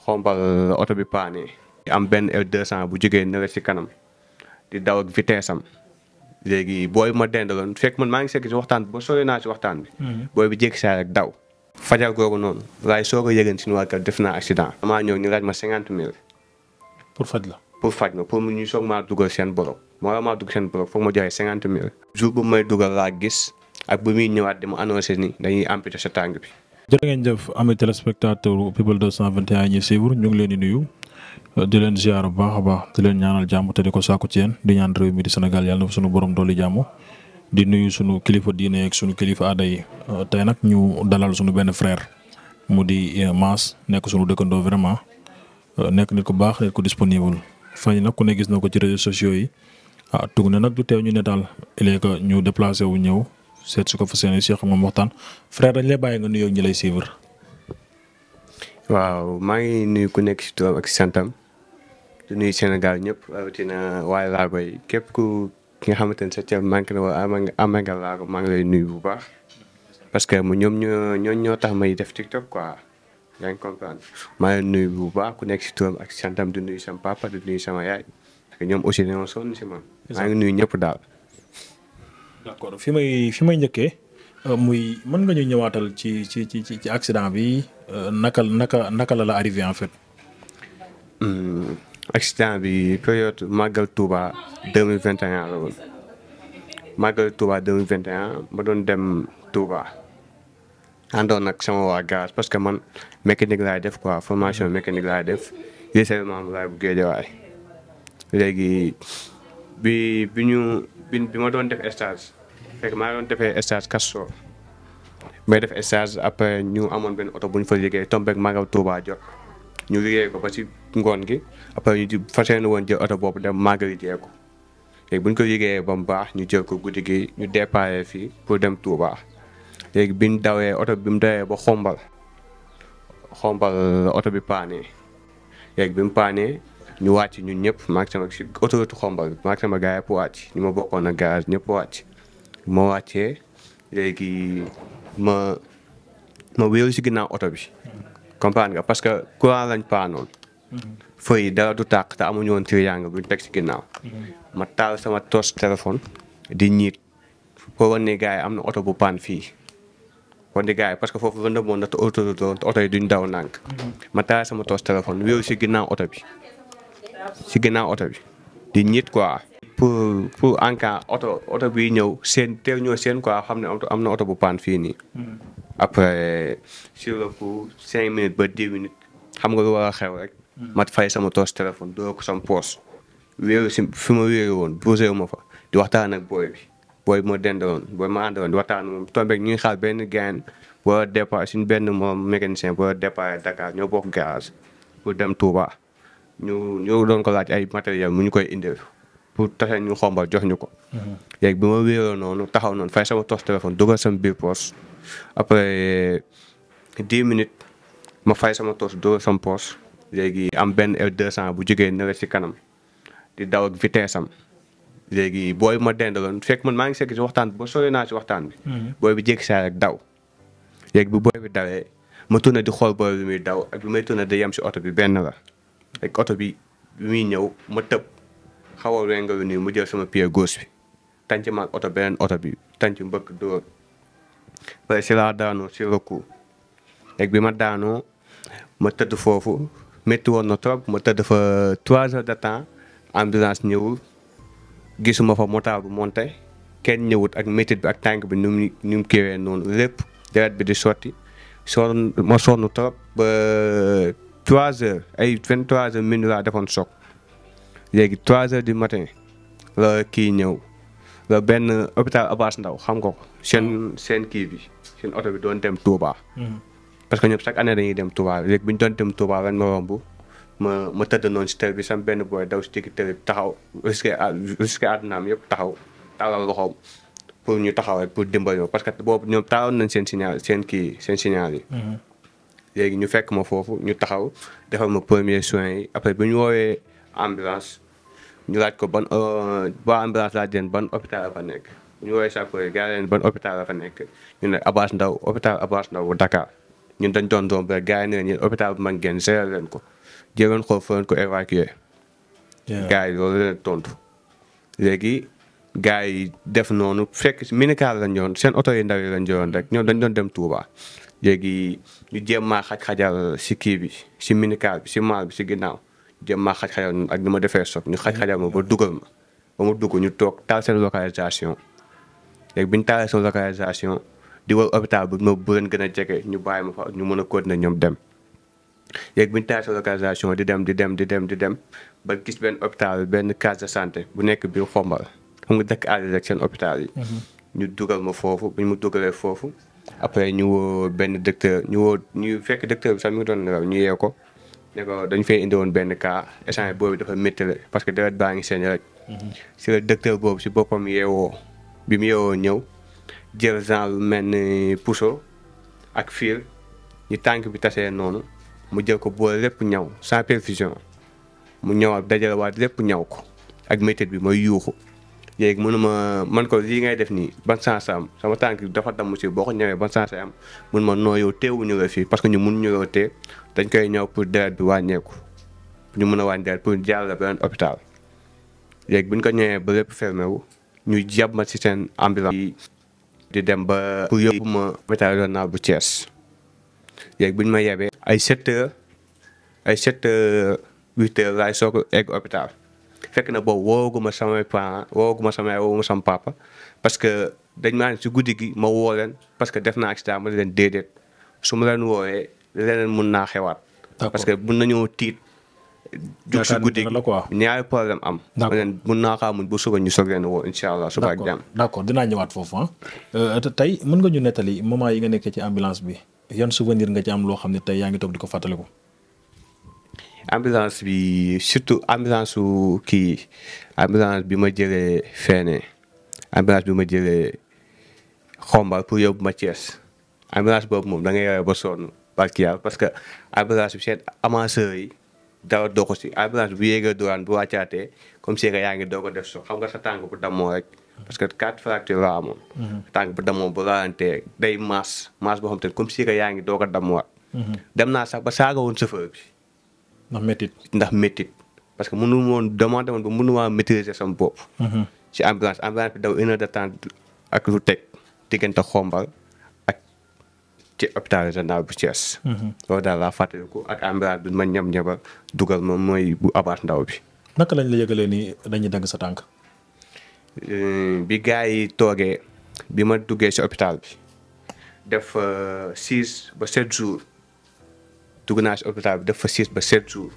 xombal euh, oto bi paane am benn L200 bu jógee nawet si kanam di daw ak vitesse am léegi booy ma dendaloon fekk ma maa ngi sekk si waxtaan ba sori naa si waxtaan bi. Mm-hmm. booy bi jékki saa rek daw. fajar googu noonu laay soog a yëgën suñu waa kër def naa accident. maa ñëw ñu laaj ma cinquante mille. pour faj la. pour faj ma pour mu ñu soog maa dugal seen borom. moo la maa dugg seen borom foog ma joxe cinquante mille. jour bu may dugal laa gis ak bu muy ñëwaat di mu annoncé ni dañuy amputé sa tàng bi. jërë ngeen jëf ami téléspectateur people 221 ñi suivre ñu ngi leen di nuyu di leen ziar bu baax a baax di leen ñaanal jàmm te di ko sàkku ci yéen di ñaan réew mi di Sénégal yàlla na fa sunu borom dooli jàmm di nuyu sunu kilifa diine ak sunu kilifa aada yi euh, tey nag ñu dalal sunu benn frère mu di euh, Mass nekk sunu dëkkandoo vraiment euh, nekk nit ku baax nit ku disponible fan yi nag ku ne gis na ko ci réseaux sociaux yi ah tugg na nag du teew ñu ne daal il que ñu déplacé wu ñëw. seet si ko fa seen i Cheikh moom waxtaan frère dañ lay bàyyi nga nuyoo ñi lay suivre. waaw maa ngi nuyu ku nekk si turam ak si santam di nuyu Sénégal ñëpp rawatina waay laago yi képp ku ki nga xamante ne sa cër manqué na wala amee nga laago maa ngi lay nuyu bu baax. parce que ñoom ñoo ñoo ñoo tax may def TikTok quoi yaa ngi comprendre maa ngi nuyu bu baax ku nekk si turam ak si santam di nuyu sama papa di nuyu sama yaay ñoom aussi dañoo sonn si man. maa ngi nuyu ñëpp daal. d'accord fi may fi may njëkkee euh, muy man nga ñu ñëwaatal ci ci ci ci accident bi euh, naka naka naka la la arrivé en fait. Hmm, accident bi période Magal Touba 2021 la woon Magal Touba 2021 ma doon dem Touba àndoon nag sama waa parce que man mécanique laay def quoi formation mécanique laay def lii seen membre laay bu géejewaay léegi bi bi ñu. bi bi ma doon def stage fekk maa doon defee stage Castors may def stage après ñu amoon benn oto bu ñu fa liggéey tombeek Magal Touba jot ñu liggéey ko ba ci ngoon gi après ñu fas yéene woon jël oto boobu dem Magal yi jee bu ñu ko liggéeyee ba mu baax ñu jël ko guddi gi ñu déparé fii pour dem Touba léegi bi ñu dawee oto bi mu dawee ba xombal xombal oto bi paanee léegi bi paanee ñu wàcc ñun ñëpp maag sama si autoroute xombal maag sama gars ñu ma bokkoon ak garage ñëpp wàcc ma léegi ma ma si ginnaaw oto bi comprendre parce que courant lañ paanoon mhm. feu dara du tàq te amuñu woon triangle buñ teg si ginnaaw mhm. ma taal sama tos téléphone di ñiit pour wan ne gars yi am na oto bu paan fii kon di gars que foofu rëndam moon na te autoroute te oto yi duñ daw nànk mhm. ma taal sama toos téléphone wéeru si ginnaaw oto bi si ginnaaw oto bi di ñit quoi. pour pour en cas oto oto bi ñëw seen teew ñoo seen quoi xam ne am na oto bu paan fii nii. Hmm. après sur le coup cinq minutes ba dix minutes xam nga lu war a xew rek. Hmm. mat fay sama toos téléphone doo ko sama poos. wéeru si ma wéeru woon bousee ma fa di waxtaan ak booy bi booy bi ma dendaloon booy ma àndaloon di waxtaan moom tombéeg ñu ngi benn gain boo départ suñ benn moom mécanicien boo départ Dakar ñoo bokk garage pour dem Touba. ñu ñu doon ko laaj ay matériel mu ñu koy indee pour taxe ñu xombal jox ñu ko. Mm-hmm. léegi bi ma wéeroo noonu taxaw noonu fay sama tos téléphone dogal sama biir poche après dix minutes ma fay sama toos dugal sama poche léegi am benn L200 bu jógee nawet si kanam di daw ak vitesse am. léegi booy ma dendaloon fekk man maa ngi sekk si waxtaan ba sori naa si waxtaan bi. Mm-hmm. booy bi saa rek daw. léegi bu booy dawee ma tourné di xool booy bi muy daw ak bi may tourné di yem si oto bi benn la. rek oto bi muy ñëw ma tëb xaw a wéngalu nii mu jël sama pied gauche bi tànc ma oto beneen oto bi tànc mbëkk dóor pare si laa daanoo si recours rek bi ma daanoo ma tëdd foofu métti woon na trop ma tëdd fa trois heures de temps ambulance ñëwul gisuma fa motard bu monté kenn ñëwut ak métit bi ak tànk bi nu mu nu noonu lépp deret bi di sotti sonn ma sonn trop ba 3 heures ay 23 heures minuit laa defoon soog léegi trois heures du matin la kii ñëw la benn hôpital Abass ndaw xam nga ko seen ah. seen kii bi seen oto bi doon dem Touba. Hmm. parce que ñoom chaque année dañuy dem Touba léegi bi ñu doon Touba ren ma romb ma ma tëdd noonu bi sama benn booy daw si digg taxaw risqué risqué àddunaam yëpp taxaw tàllal loxoom pour ñu taxaw rek pour dimbali parce que boobu ñoom taaloon nañ seen signal seen kii seen signal yi. Hmm. léegi ñu fekk ma foofu ñu taxaw defal ma premier soin yi après bu ñu woowee ambulance ñu laaj ko ban euh, waa laaj leen ban hôpital la fa nekk ñu woowee sapeurs gars ban hôpital la fa nekk ñu ne Abass Ndao hôpital Abass Ndao bu Dakar ñun dañ doon doom rek gars yi ne leen hôpital bu mag ngeen seeral leen ko jëloon ko fa ko évacuer gars yi tontu léegi gars yi def noonu fekk minicar lañ ñoon seen oto yi ndaw yi lañ jëloon rek ñoom dañ doon dem Touba léegi ñu jéem maa xaj-xajal si kii bi si minicar bi si maal bi si ginnaaw jéem ma xaj-xajal ak ni ma defee soog ñu xaj-xajal ma ba dugal ma ba ma dugg ñu toog taal seen localisation léegi bi ñu taalee seen localisation di wër hôpital bi ma bëggoon gën a jege ñu bàyyi ma fa ñu mën a continuer ñoom dem. léegi bi ñu taalee di dem di dem di dem di dem ba gis benn hôpital benn case de santé bu nekk biir xombal xam nga dekk ale rek seen hôpital yi. Mhm. ñu dugal ma foofu bi ñu ma dugalee foofu. après ñu woo benn docteur ñu woo ñu fekk docteur bi sax mi ngi doon nelaw ñu yeew ko ne ko dañu fee indi woon benn cas échange boobu dafa métti parce que deret baa ngi seen rek. Mhm. si la docteur boobu si boppam yeewoo bi mu yeewoo ñëw jël genre lu mel ni puso ak fiir ñu tànk bi tasee noonu mu jël ko boole lépp ñaw sans perfusion mu ñëwaat dajale waat lépp ñaw ko ak méthode bi mooy yuuxu. yéeg mënuma man ko lii ngay def nii ban sens am sama tànk dafa dammu si boo ko ñëwee ban sens am mun ma noo yow teewuñu la fii parce que ñu mun ñu la dañ koy ñëw pour deret bi wàññeeku ñu mun a wàññi deret pour jàll la beneen léegi buñ ko ñëwee ba lépp fermé wu ñu jàpp ma si seen ambulance di dem ba pour ma hôpital régional bu Thiès léegi buñ ma yebee ay sept heures ay sept heures huit heures laay soog egg hôpital fekk na boobu woowaguma samay parents woowaguma samay woowuma sama papa parce que dañ maa ne si guddi gi ma woo leen parce que def naa accident ma leen déedéet su ma leen woowee leneen mun naa xewaat. parce que mun nañoo tiit. jug si guddi gi ñaari problème am. d' accord mun naa kaa muñ bu suba ñu soog leen woo incha allah suba ak jàmm. d' accord dinaa ñëwaat foofu ah. Euh, tey mën nga ñu nettali moment yi nga nekkee ci ambulance bi yan souvenir nga ci am loo xam ne tey yaa ngi toog di ko fàttaliku. ambulance bii surtout ambulance su kii ambulance bi ma jëlee feene ambulance bi ma jëlee xombal pour yóbbu ma Thiès ambulance boobu moom da ngay yore ba sonn barki yàlla parce que ambulance bi seen avanceurs yi dara doo ko si ambulance bu yéegee duraan bu wàccaatee comme si yaa ngi doo def soo xam nga sa tànk bu dammoo rek parce que quatre fracture la amoon. Mhm. tànk bu dammoo bu ralantee day maas maas boo xam te comme si yaa ngi doo ko dammoo mhm. dem naa sax ba saaga woon chauffeur ndax métit ndax métit parce que mënu woon demandé woon ba mënu maa maîtriser sama bopp. Mhm. ci ambulance ambulance bi daw une de temps ak lu teg diggante xombal ak ci hôpital mhm. ak ambulance bi ma ñam ñaba dugal ma mooy bu abaat ndaw bi. naka lañ la yëgalee ni dañuy dagg sa tànk. Euh, bi gars toogee bi ma duggee ci hôpital bi def euh, six ba sept jours. dugg naa si hôpital bi def fa six ba sept jours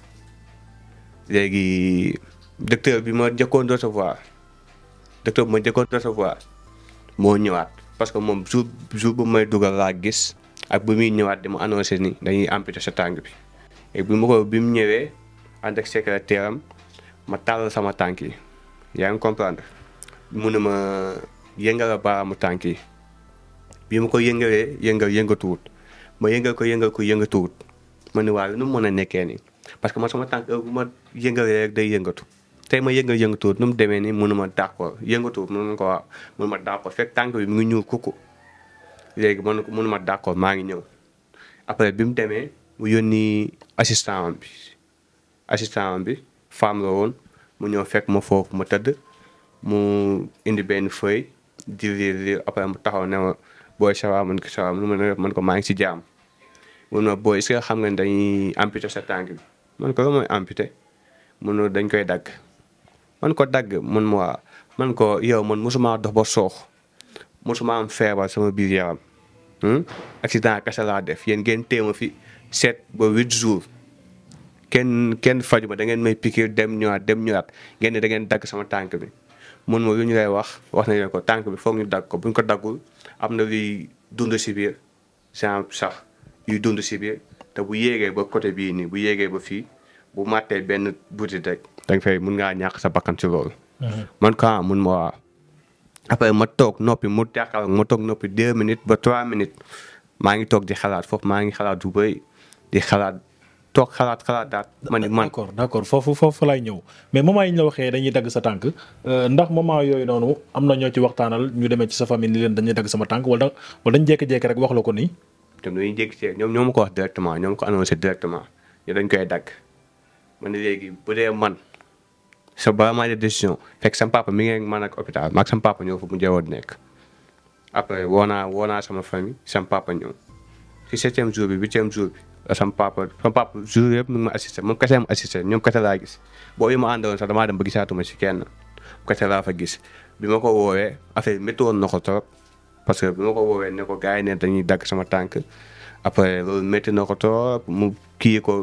léegi docteur bi ma njëkkoon recevoir docteur bi ma njëkkoon recevoir moo ñëwaat parce que moom jour jour bu may dugal laa gis ak bu muy ñëwaat di mu annoncé ni dañuy amputé sa tànk bi et bi ma ko bi mu ñëwee ànd ak secrétaire am ma tàll sama tànk yaa ngi comprendre mu ne ma yëngala baaraamu tànk yi bi ma ko yëngalee yëngal yëngatuwut ma yëngal ko yëngal ko yëngatuwut man ne waaye nu mu mën a nekkee ni parce que man sama tànk bu ma yëngalee rek day yëngatu tey ma yënga yëngatuwut nu mu demee nii mënu ma d'accord yëngatuwut mënu ma ko waaw mënu ma d'accord fekk tànk bi mu ngi ñuul kukku léegi mënu mënu ma d'accord maa ngi ñëw après bi mu demee mu yónni assistant am bi assistant am mu ñëw fekk ma foofu ma tëdd mu indi benn feuille di lire lire après mu taxaw ne ma booy sawa man ko sawa man ko maa ngi si jaam mun ma booy est-ce que xam nga ni dañuy sa tànk bi man ko mooy amputé mun dañ koy dagg man ko dagg mun ma man ko yow man mosuma dox ba soox mosuma am feebar sama biir yaram hmm? accident kese laa def yéen ngeen téema fi sept ba huit jours kenn kenn faju ma da ngeen may piqué dem ñëwaat dem ñëwaat ngeen ne da ngeen dagg sama tànk bi mun ma lu ñu lay wax wax nañ ko tànk bi foog ñu dagg ko buñ ko daggul am na luy dund si biir sax yuy dund si biir te bu yéegee ba côté bii nii bu yéegee ba fii bu màttee benn butit rek danga fay mun ngaa ñàkk sa bakkan si loolu. Mhm. man kaa mun ma waa après ma toog noppi mu jàkkaarloo ma toog noppi deux minutes ba trois minutes maa ngi toog di xalaat foofu maa ngi xalaat bu bëri di xalaat toog xalaat xalaat daal. man man d'accord d'accord foofu foofu lay ñëw mais moment yi ñu la waxee dañuy dagg sa tànk euh, ndax moment yooyu noonu am na ñoo ci waxtaanal ñu demee ci sa famille ni leen dañuy sama tànk wala wala dañ jékki-jékki rek wax la ko nii. ñoom dañuy jékki ñoom ñoo ma ko wax directement ñoo ma ko annoncé directement ñu dañ koy dagg man ne léegi bu dee man sa ba maa décision fekk sama papa mi ngi ak man ak hôpital maag sama papa ñëw fa mu jëwoon nekk après woo naa woo naa sama famille sama papa ñëw si septième jour bi huitième jour bi sama papa sama papa jour yëpp mi ma assisté moom kese ma ñoom kese laa gis boobu yi ma àndoon sax damaa dem ba gisaatuma si kenn kese laa fa gis bi ma ko woowee affaire métti woon na ko trop parce que bi ma ko woowee ne ko gars yi ne dañuy dagg sama tànk après loolu métti na ko trop mu kii ko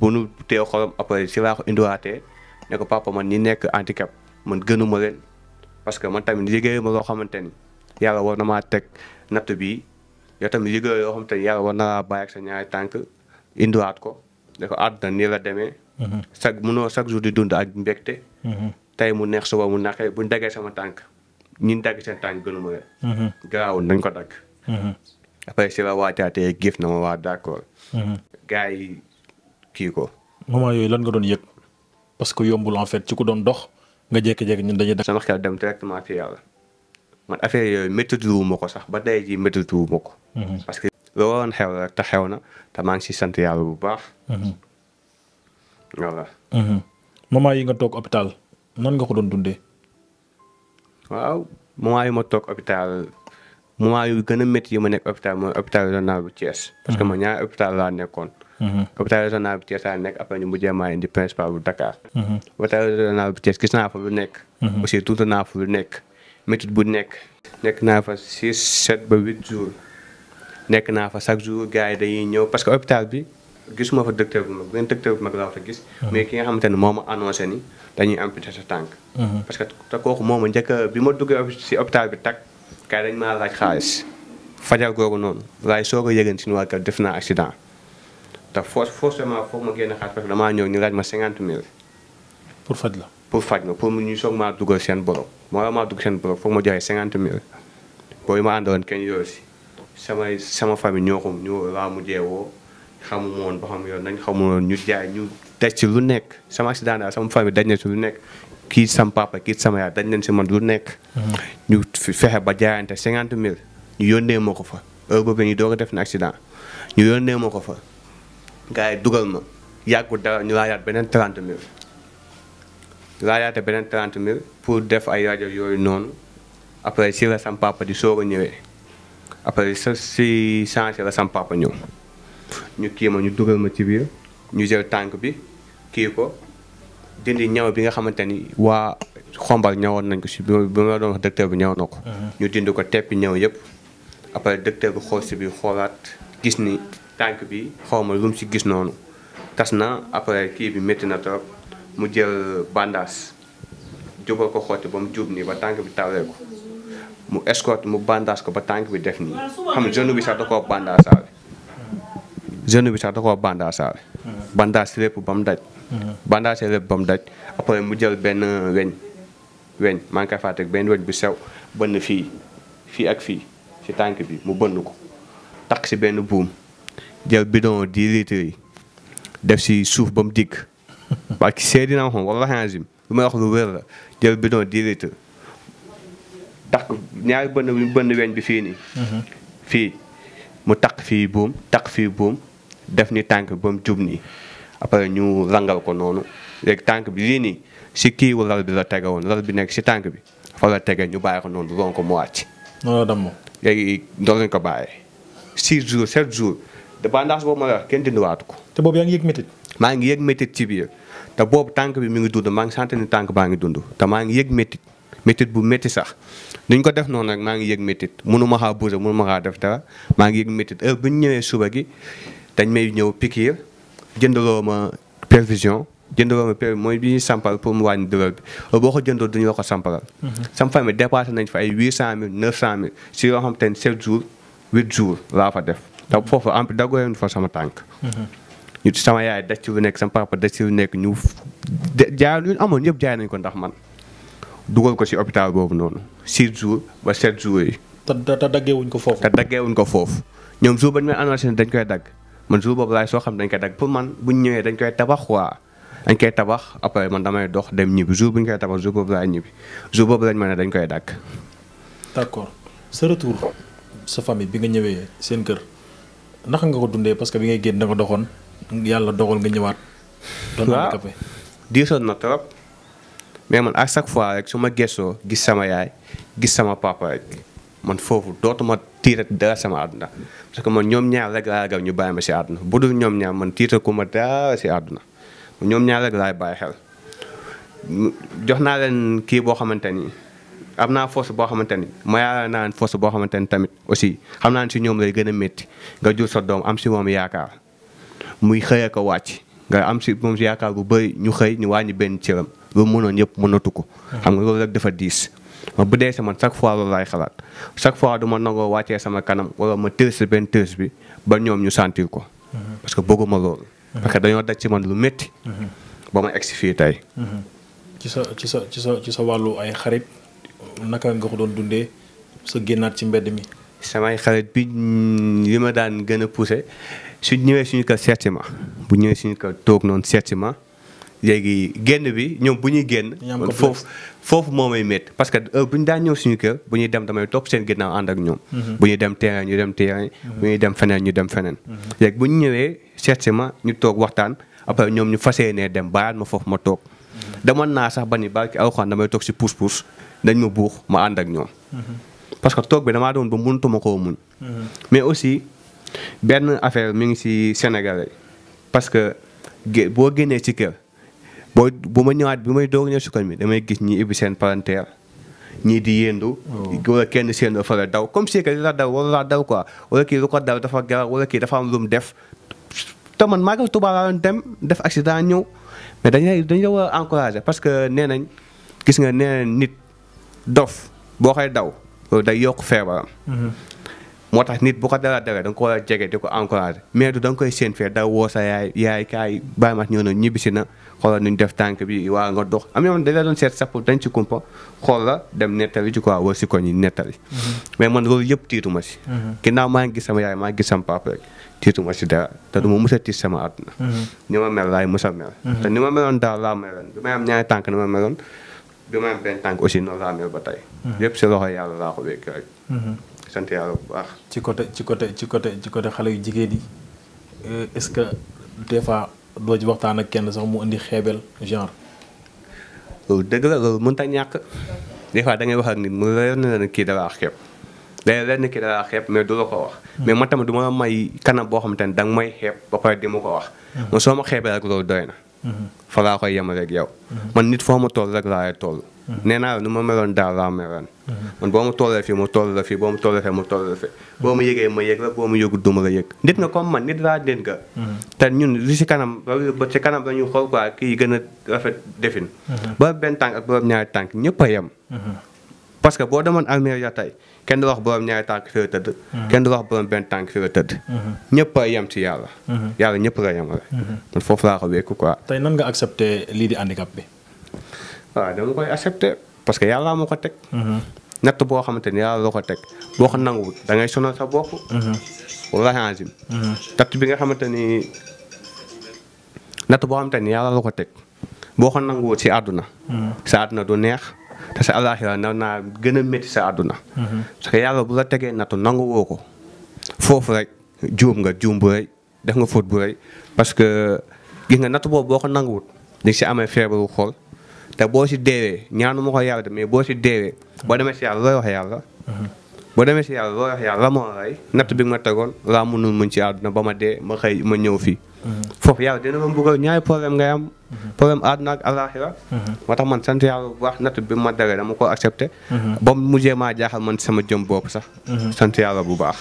bu nu teew xolam après si laa ko indiwaatee ne ko papa man ñi nekk handicap man gënuma leen parce que man tamit liggéey ma loo xamante ni yàlla war na maa teg natt bi yow tamit liggéey yoo xamante ni yàlla war na laa bàyyi ak sa ñaari tànk indiwaat ko ne ko àdduna la demee. Mhm. chaque mënoo chaque jour di dund ak mbégte. Mhm. tey mu neex suba mu naqe bu ñu daggee sama tànk. ñi dagg seen tànk gënu ma leen. Mm-hmm. gaawul ko dagg. Mm-hmm. après si la waajaatee na ma waa d'accord. Mm-hmm. gars yi kii ko. moment yooyu lan nga doon yëg parce que yombul en fait ci ku doon dox nga jékki-jékki ñun dañuy. sama xel dem directement ci yàlla man affaire yooyu méttitu wu ma ko sax ba tey jii méttitu wu ma parce que loo waroon xew rek te xew na te maa ngi si sant bu baax. voilà. moment yi nga toog hôpital nan nga ko doon dundee. waaw moment yu ma toog hôpital moment yu gën a métti yu ma nekk hôpital mooy hôpital régional bu Thiès. parce que ma ñaari hôpital laa nekkoon. Mhm. hôpital régional bu Thiès laa nekk après ñu mujjee maa indi principal bu Dakar. Mhm. hôpital régional bu Thiès gis naa fa lu nekk. Mhm. aussi tuuti naa fa lu nekk métti bu nekk. nekk naa fa six sept ba huit jours nekk naa fa chaque jour gars yi dañuy ñëw parce que hôpital bi. gisuma fa docteur bu mag benn bu mag laa fa gis. mais ki nga xamante ne moo ma annoncé ni dañuy sa tànk. parce que te kooku moo njëkk bi ma duggee si hôpital bi tag kay dañ maa laaj xaalis fajal noonu waaye soo ko yëgën si waa def naa accident. te force forcément foog ma génn xaalis parce que damaa ñëw ñu laaj ma cinquante mille. pour faj la pour faj ma pour ñu soog maa dugal seen borom moo la maa dugg seen borom foog ma joxe cinquante mille booy ma àndoon kenn yooyu si samay sama famille ñoo ko ñoo laa mujjee woo. xamuma woon ba xam yoon nañ xamuma woon ñu jaay ñu daj ci lu nekk sama accident daal sama famille dañ na si lu nekk kii sama papa kii sama yaay daj nañ ci man lu nekk. Mm-hmm. ñu fexe ba jaayante cinquante mille ñu yónnee ma ko fa heure ñu doog a def na accident ñu yónnee ma ko fa gars dugal ma yàggu dara ñu laajaat beneen trente mille. laajaate beneen trent mille pour def ay yaajo yooyu noonu après si la sama papa di soo a ñëwee après si changé la sama papa ñëw. ñu kii ma ñu dugal ma ci biir ñu jël tànk bi kii ko dindi ñaw bi nga xamante ni waa xombal ñawoon nañ ko si bi ma doon wax docteur bi ñaw na ko. Mhm. ñu dindi ko teppi ñaw yëpp après docteur bi xool si biir xoolaat gis ni tànk bi xaw ma lu mu si gis noonu tas na après kii bi metti na trop mu jël bandage jubal ko xotti ba mu jub nii ba tànk bi tawee ko mu escorte mu bandage ko ba tànk bi def nii xam nga genou bi sax da koo bandage jeune bi sax da koo bandaasaale. Mm-hmm. bandaas lépp ba mu daj. Mm-hmm. bandaasee lépp ba mu daj après mu jël benn weñ weñ maa ngi koy benn weñ bu sew bënn fii fii ak fii si tànk bi mu bënn ko. takk si benn buum jël bidon 10 litres def si suuf ba dikk digg parce que Seydina Muhammad wallaahi azim lu may wax lu wér la jël bidon 10 litres takk ñaari bënn weñ bi fii nii. Mm-hmm. fii mu takk fii buum takk fii buum. def ni tànk bi ba mu jub nii après ñu rangal ko noonu léegi tànk bi lii nii si kiiwu lal bi la tege woon lal bi nekk si tànk bi fa la tege ñu bàyyi ko noonu ron ko mu wàcc. noonu la léegi doon lañ ko bàyyee 6 jours 7 jours dépendance boobu ma la ko. te boobu yaa ngi yëg maa ngi yëg métit ci biir te boobu tànk bi mu ngi dund maa ngi sante ni tànk baa ngi dund te maa ngi yëg métit métit bu métti sax duñ ko def noonu rek maa ngi yëg métit mënu ma xaa bouger mënu ma def dara maa ngi yëg métit heure bu ñu ñëwee suba gi dañ may ñëw pikiir jëndaloo ma perfusion jëndaloo ma per mooy bi ñuy sampal pour mu wàññi douleur bi boo ko jëndoo duñu la ko sampalal. Mhm. sama famille dépassé nañ fa ay huit cent mille neuf cent mille si yoo xam te ne sept jours huit jours laa fa def. te foofu am daggoo fa sama tànk. Mhm. ñu sama yaay daj ci nekk sama papa daj ci nekk ñu jaay lu ñu amoon yëpp jaay nañ ko ndax man dugal ko si hôpital boobu noonu six jours ba sept jours yi. te te daggeewuñ ko foofu. te daggeewuñ ko foofu ñoom jour bañ dañ koy dagg. man jour boobu laay soo xam dañ koy dagg pour man bu ñu ñëwee dañ koy tabax waa dañ koy tabax après man damay dox dem ñibbi jour bu ñu koy tabax jour boobu laay ñibbi jour boobu lañ ma ne dañ koy dagg. d'accord sa retour sa famille bi nga ñëwee seen kër naka nga ko dundee parce que bi ngay génn da nga doxoon yàlla dogal nga ñëwaat. doon handicapé diisoon na trop mais man à chaque fois rek su ma gëstoo gis sama yaay gis sama papa rek. man foofu dootuma tiitat dara sama àdduna parce que man ñoom ñaar rek laa ragal ñu bàyyi ma si àdduna bu dul ñoom ñaar man tiitat ku ma dara si àdduna ñoom ñaar rek laay bàyyi xel jox naa leen kii boo xamante ni am naa force boo xamante ni mayaara naa leen force boo xamante ni tamit aussi xam naa ne si ñoom lay gën a métti nga jur sa doom am si moom yaakaar muy xëy ko wàcc nga am si moom yaakaar bu bëri ñu xëy ñu wàññi benn cëram lu mënoon mënatu ko hmm. xam nga loolu rek dafa diis ma bu dee si man chaque fois loolu laay xalaat chaque fois du ma nangoo wàccee sama kanam wala ma tërës si benn tërës bi ba ñoom ñu sentir ko. Mhm. parce que bëgguma loolu. Mhm. parce que dañoo daj ci man lu métti. Mhm. ba ma egg si fii tey. ci sa ci sa ci sa ci sa wàllu ay xarit naka nga ko doon dundee sa génnaat ci mbedd mi. samay xarit bi li mm, ma daan gën a poussé su ñëwee suñu kër seet ma bu ñëwee suñu kër toog noonu seet ma léegi génn bi ñoom bu ñuy génn. foofu foofu moo may met parce que euh, bu ñu daan ñëw suñu kër bu ñu dem damay topp seen ginnaaw ànd ak ñoom. Mhm. bu ñuy dem terrain ñu dem terrain. Mhm. bu ñuy dem feneen ñu dem feneen. Mhm. léegi bu ñu ñëwee seet si ma ñu toog waxtaan après ñoom ñu fas yéenee dem bàyyaat ma foofu ma toog. demoon naa sax ba ni barki Alxuraan damay toog si pousse pousse dañ ma buux ma ànd ak ñoom. que toog bi damaa doon ba mënutuma koo muñ. mais aussi benn affaire mi ngi si Sénégalais parce que boo génnee ci kër. boo bu ma ñëwaat bi may doog ñëw si mi bi damay gis ñi ibbi seen palanteer ñii di yéendu oh. wala kenn seen fa la daw comme si que la daw wala laa daw quoi wala kii lu ko daw dafa garaaw wala kii dafa am lu mu def te man maa ngi tubaab dem def accident ñëw mais dañ dañ la war parce que nee nañ gis nga nee nit dof boo koy daw day yokk feebaram mm-hmm. moo tax nit bu ko dara dara da nga a jege di ko encouragé mais du da nga koy séen fee da woo yaay yaay kaay bàyyi mat ñëw na ñibbisi na xoolal nu ñu def tànk bi waa nga dox am yoon dañ la doon seet ko ñi nettali mm-hmm. mais man loolu yëpp tiitu ma si mm-hmm. ginnaaw ma si dara te du ma mës a tiit sama àdduna mm-hmm. ni ma mel laay mës a mel te ni ma meloon daaw laa meloon bi may am ñaari tànk ni ma meloon bi may am benn tànk aussi noonu laa mel ba tey yëpp si loxo yàlla laa ko wékk rek sant yàlla bu baax. ci côté ci côté ci côté ci côté xale yu jigéen yi euh, est-ce que des fois doo ci waxtaan ak kenn sax mu indi xeebel genre. loolu dëgg la loolu mënut ñàkk des fois da ngay wax ak nit mu leer na la kii dara xeeb day leer na ki dara xeeb mais du la ko wax. Hmm. mais man tamit du ma la may kanam boo xamante ne danga may xeeb ba pare di ma ko wax. Hmm. man soo ma xeebee ak loolu doy na. Hmm. fa laa koy yem rek yow. man nit foo ma toll rek laa toll. nee naa la nu ma meloon daaw laa meloon man boo ma tollee fii ma toll la fii boo ma tollee fee ma toll la fii boo ma yëgee ma yëg la boo ma yëgul du ma la yëg nit nga comme man nit laa den nga te ñun li si kanam ba ci kanam la ñu xool quoi kii gën a rafet defin ba benn tànk ak borom ñaari tànk ñëpp a yem parce que boo demoon armée ya tey kenn du wax borom ñaari tànk fi la tëdd kenn du wax borom benn tànk fi la tëdd ñëpp a yem ci yàlla yàlla ñëpp la yem rek man foofu laa ko wékku quoi tey nan nga accepté lii di handicap bi waaw dama koy accepté parce que yàlla moo ko teg. natt boo xamante ni yàlla loo ko teg boo ko nanguwul da ngay sa bopp. wala bi nga xamante ni natt boo xamante ni yàlla ko teg boo ko nanguwul si mhm. mhm. àdduna. Mhm. sa àdduna du neex te sa àllaaxira na gën a métti sa àdduna. parce que yàlla bu la tegee nattu nanguwoo ko foofu rek juum nga juum bu rëy def nga fóot bu rëy parce que gis nga natt boobu boo ko nanguwul di si amee feebaru xool te boo si deewee ñaanu ma ko yàlla de mais boo si deewee boo demee si yàlla looy wax yàlla. boo demee si yàlla looy wax yàlla la moo rey natt bi nga ma tegoon laa mënul muñ ci àdduna ba ma dee ma xëy ma ñëw fii. foofu yàlla dina ma bëggal ñaari problème ngay am. problème àdduna ak alaaxira moo tax man sant yàlla bu baax natt bi ma dalee dama ko accepté. ba mu mujjee maa jaaxal man sama jëm bopp sax. sant bu baax.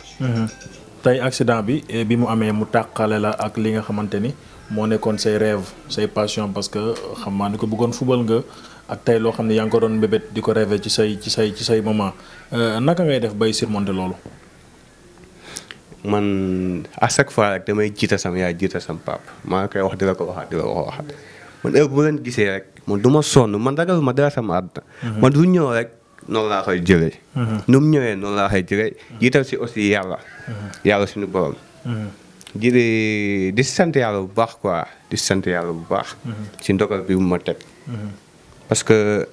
tey accident bi eh, bi mu amee mu tàqale la ak li nga moo nekkoon say rêve say passion parce que euh, xam naa ni ko bëggoon football nga ak tey loo xam ne yaa ngi ko doon bébét di ko rêvé ci say ci say ci say moment euh, naka ngay def bay surmonter loolu. man à fois rek damay jiita sam yaay jiita sam pap maa koy wax di la ko waxaat di la ko waxaat man heure leen gisee rek man du ma sonn man ragal ma dara sama àdduna. Mhm. man du ñëw rek noonu laa koy jëlee. Mhm. nu mu ñëwee noonu laa koy jëlee. Mhm. jiital si aussi yàlla. yàlla suñu borom. di di sant yàlla bu baax quoi di sant yàlla bu baax. Mm-hmm. ci ndogal bi mu ma teg. Mm-hmm. parce que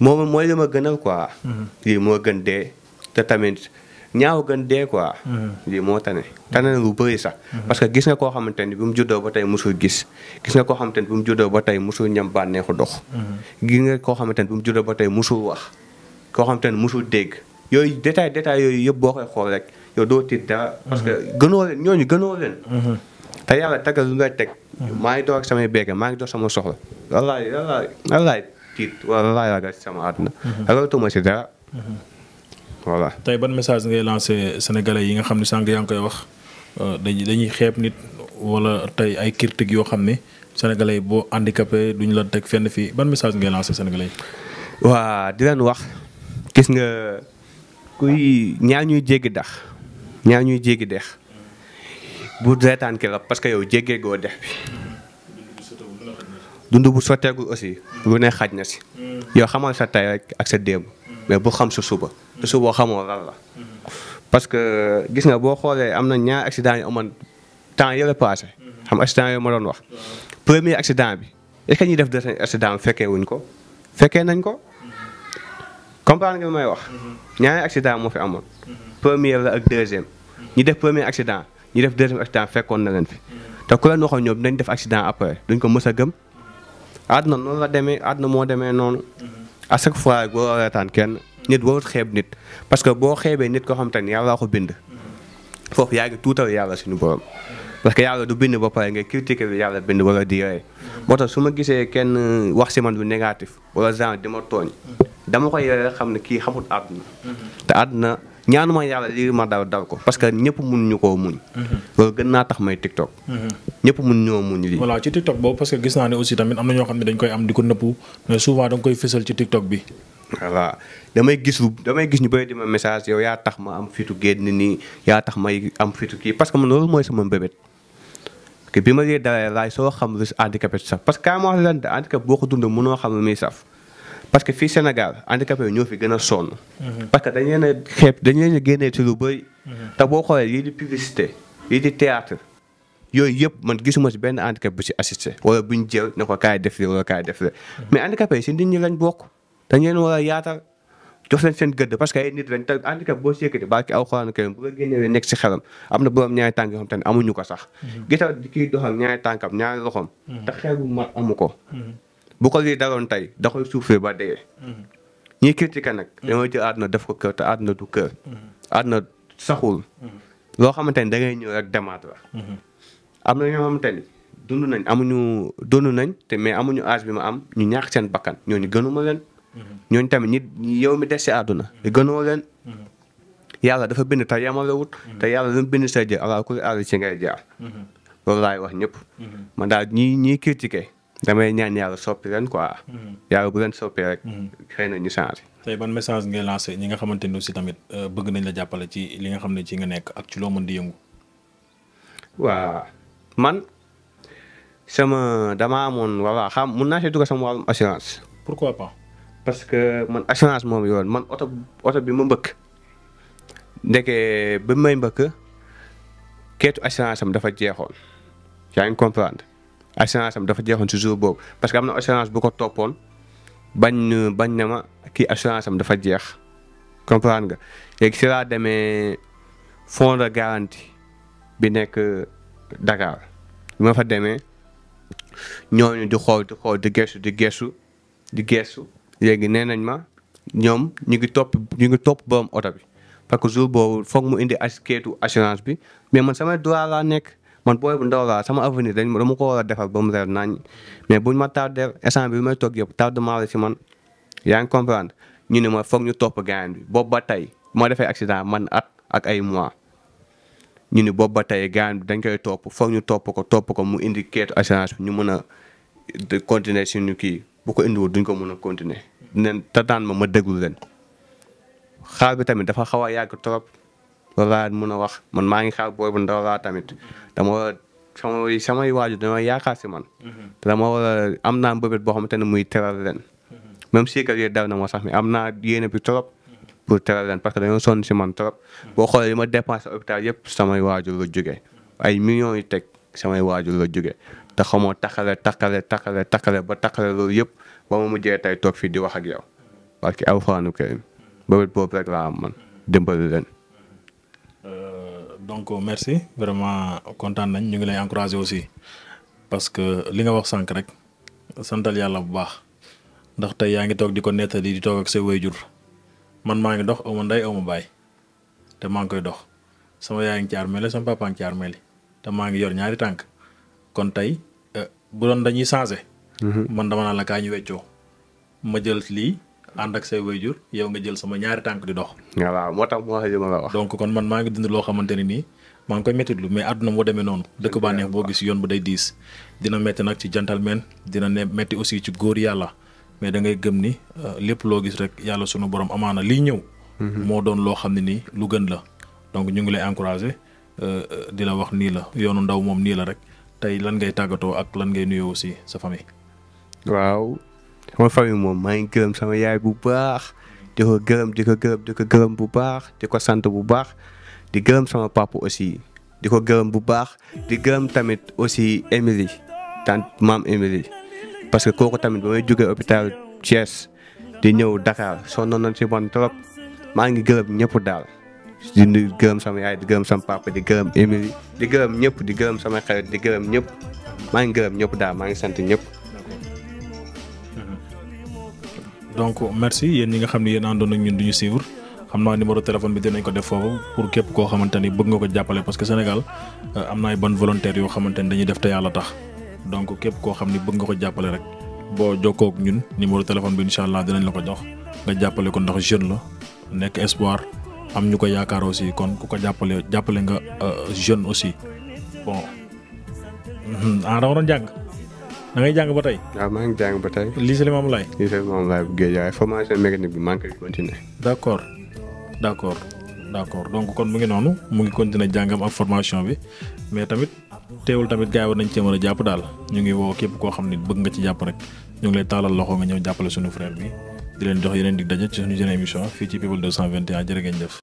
moom mooy li ma gënal quoi. Mm-hmm. lii moo gën dee te tamit ñaaw gën dee ko lii moo tane tane na lu bëri sax. parce que gis nga koo xamante ni bi mu juddoo ba tey musul gis gis nga koo xamante ni bi mu juddoo ba tey musul ñam bànneexu dox. gis nga koo xamante ni bi mu ba tey musul wax koo xamante ni musul dégg yooyu détail détail yooyu yëpp boo koy xool rek. yow doo tiit dara. parce que gënoo leen ñooñu gënoo leen. Mhm. te yàlla taggal lu ngay teg. maa ngi dox ak samay béykat maa ngi doo sama soxla. wallaay wallaay wallaay tiit sama àdduna. Mhm. la si dara. Mhm. voilà ban message ngay lancé sénégalais yi nga xam ne sànq yaa ngi koy wax euh, dañuy dañuy xeeb nit wala tey ay critique yoo xam ne sénégalais yi boo handicapé duñ la teg fenn fii ban message ngay lancé sénégalais yi. waa di leen wax gis nga kuy ñaar ñuy jéggi dax. ñaa ñuy jéggi dex bu reetaan ki la parce que yow jéggee goo dex bi dund bu sotteegul aussi lu ne xaj na si yow xamal sa tay rek ak sa démb mais bu xam sa suba sa suba xamoo lan la parce que gis nga boo xoolee am na ñaar accident yu amoon temps yële passé xam accident yooyu ma doon wax premier accident bi est-ce que ñuy def deuxième accident fekkee wuñ ko fekkee nañ ko comprendre nga may wax mm-hmm. ñaari accident moo fi amoon première la ak deuxième ñu def premier accident ñu def deuxième accident fekkoon na leen fi te ku leen waxoon ñoom dinañ def accident après duñ ko mës a gëm àdduna noonu la demee àdduna moo demee noonu a chaque fois boo reetaan kenn nit warut xeeb nit parce que boo xeebee nit koo xam te ni yàlla ko bind foofu yaa ngi tuutal yàlla suñu borom parce que yàlla du bind ba pare nga critiquer bi yàlla bind wala di yore moo tax su ma gisee kenn wax si man lu négatif wala genre di ma ñaanuma yàlla lii ma daw daw ko parce que ñëpp mun ñu koo muñ. Mhm. loolu gën naa tax may TikTok. Mhm. ñëpp mun ñoo muñ lii. voilà ci TikTok boobu parce que gis naa ne aussi tamit am na ñoo xam ne dañ koy am di ko nëbbu mais souvent koy fësal ci TikTok bi. voilà damay gis damay gis ñu ba di ma message yow yaa tax ma am fitu génn nii yaa tax may am fitu kii parce que man loolu mooy sama mbébét. que bi ma lee dalee laay soo xam risque handicapé sax parce que kaay ma wax leen handicap boo ko dund mënoo xam lu muy parce que fii Sénégal handicapé yi ñoo fi gën a sonn. Mhm. parce que dañ leen a xeeb dañ leen mhm. boo xoolee lii di publicité lii di théâtre yooyu yëpp man gisuma si benn handicapé bu si assisté wala bu ñu jël ne ko kaay def li wala mhm. mais handicapé yi si nit ñi lañ bokk dañ leen war a yaatal jox seen gëdd parce que nit lañ te handicapé boo si yëkkati barki aw xuraan kariim bu la génnee nekk si xelam am na borom ñaari tànk yoo amuñu ko sax. gisal kii doxal ñaari tànkam ñaari loxoom. te xel bu mat amu ko. bu ko lii daroon tey da koy suufee ba dee. Mm-hmm. ñi critiqué nag. Mm-hmm. dañoo jël àdduna def ko kër te àdduna du kër. Mm-hmm. loo xamante ni da ngay rek demaat la. am na ñoo xamante ni nañ amuñu dund nañ te mais amuñu âge bi ma am ñu ñàkk seen bakkan ñooñu gënuma leen. ñooñu tamit nit yow mi des si àdduna. di gënoo yàlla dafa bind te yemalewut. te yàlla lu mu bind sa jë alaa kulli àll ci ngay jaar. loolu laay wax ñëpp. man ñii ñii damay ñaan yàlla soppi ren quoi. Mhm. yàlla bu ren soppee rek. Mhm. xëy na ñu changé. tey ban message ngay lancé ñi nga xamante ne aussi tamit euh, bëgg nañ la jàppale ci li nga xam ne ci nga nekk ak ci loo mën di yëngu. waaw man sama dama amoon voilà xam mun naa see ko sama wàllum assurance. pourquoi pas. parce que man assurance moom yoon man oto oto bi ma mbëkk ndeke ba may mbëkk keetu assurance am dafa jeexoon yaa ngi comprendre. assurance am dafa jeexoon si jour boobu parce que am na assurance bu ko toppoon bañ bañ ne ma kii assurance am dafa jeex comprend nga léegi si laa demee fonds de garantie bi nekk Dakar bi ma fa demee ñooñu di xool di xool di gestu di gestu di gestu léegi nee nañ ma ñoom ñu ngi topp ñu ngi topp borom oto bi parce que jour boobu foog mu indi as keetu assurance bi mais man sama droit laa nekk. man booy bu ndaw laa sama avenir dañ dama ko war a defar ba mu leer nañ mais buñ ma tardé instant bi may toog yëpp tardement la si man yaa ngi comprendre ñu ni ma foog ñu topp gaañ bi boobu ba tey ma defee accident man at ak ay mois ñu ne boobu ba tey gaañ bi dañ koy topp foog ñu topp ko topp ko mu indi keetu assurance ñu mën a continuer suñu kii bu ko indiwul duñ ko mën a continuer. neen tataan ma ma déglu leen xaar bi tamit dafa xaw a yàgg trop. loolu laa mën a wax man maa ngi xaar boobu bu ndaw laa tamit dama samay samay waajur dama yaakaar si man. Mm-hmm. te ma war a am naa mbëbët boo xamante ne muy teral leen. Mm-hmm. même si yee yi dal na ma sax mais am naa yéene bi trop. pour teral leen parce que dañoo sonn si man trop. Mm-hmm. boo xoolee li ma dépensé hôpital yëpp samay waajur la jógee. ay millions yu teg samay waajur la jógee. te xamoo takkale takkale takkale takkale ba takkale loolu yëpp ba ma mujjee tey toog fii di wax ak yow. parce que alxuraanu karim mbëbët boobu rek laa am man dimbali leen. donc euh, merci vraiment kontaan nañ ñu ngi lay encourager aussi parce que li nga wax sànq rek santal yàlla bu baax ndax tey yaa ngi toog di ko nettali di toog ak sa jur man maa ngi dox aw ma ndey aw ma baay te maa ngi koy dox sama yaay ngi ci armeel sama papa ngi ci armeel te maa ngi yor ñaari tànk kon tey euh, bu doon dañuy changer. Mhm. man dama naa la kaa ñu weccoo ma jël lii. ànd ak say wayjur yow nga jël sama ñaari tànk di dox. Ah, waaw moo tax moo xam ma wax. donc kon man maa ngi dund loo xamante ne nii maa ngi koy méttitlu mais àdduna moo demee noonu. dëkk bànneex boo gis yoon bu day diis. dina métti nag ci gentleman dina ne métti aussi ci góor yàlla mais dangay gëm ni euh, lépp loo gis rek yàlla sunu borom amaana liy ñëw. Mhm. moo doon loo xam ne nii lu gën la. donc ñu ngi lay encouragé euh, euh, di la wax nii la yoonu ndaw moom nii la rek tey lan ngay tàggatoo ak lan ngay nuyoo aussi sa famille. sama famille moom maa ngi gërëm sama yaay bu baax di ko gërëm di ko gërëm di ko gërëm bu baax di ko sant bu baax di gërëm sama papa aussi di ko gërëm bu baax di gërëm tamit aussi Émilie tant maam Émilie parce que kooku tamit ba may jógee hôpital Thiès di ñëw Dakar sonnoon nañ si man trop maa ngi gërëm ñëpp daal di gërëm sama yaay di gërëm sama papa di gërëm Émilie di gërëm ñëpp di gërëm sama xarit di gërëm ñëpp maa ngi gërëm ñëpp daal maa ngi sant ñëpp donc merci yéen ñi nga xam ne yéen àndoon ak ñun du ñu suivre xam naa numéro téléphone bi dinañ ko def foofu pour képp koo xamante ni bëgg nga ko jàppale parce que Sénégal euh, am na ay bonnes volontaires yoo xamante ni dañuy def te yàlla tax donc képp koo xam ni bëgg nga ko jàppale rek boo jokkoo ak ñun numéro téléphone bi incha allah dinañ la ko jox nga jàppale ko ndax jeune la nekk espoir am ñu ko yaakaar aussi kon ku ko jàppale jàppale nga euh, jeune aussi bon ah dama doon da ngay jàng ba tey. waaw maa ngi jàng ba tey. lycée Limamou Laye. lycée Limamou Laye bu Guédiawaye formation mécanique bi maa ngi koy continuer. d' donc kon mu ngi noonu mu ngi continuer jàngam ak formation bi mais tamit teewul tamit gars yi war nañ cee a jàpp daal ñu ngi woo képp koo xam ne bëgg nga ci jàpp rek ñu ngi lay taalal loxo nga ñëw jàppale suñu frère bi di leen jox yeneen di daje ci suñu yeneen émission fii ci People 221 jërë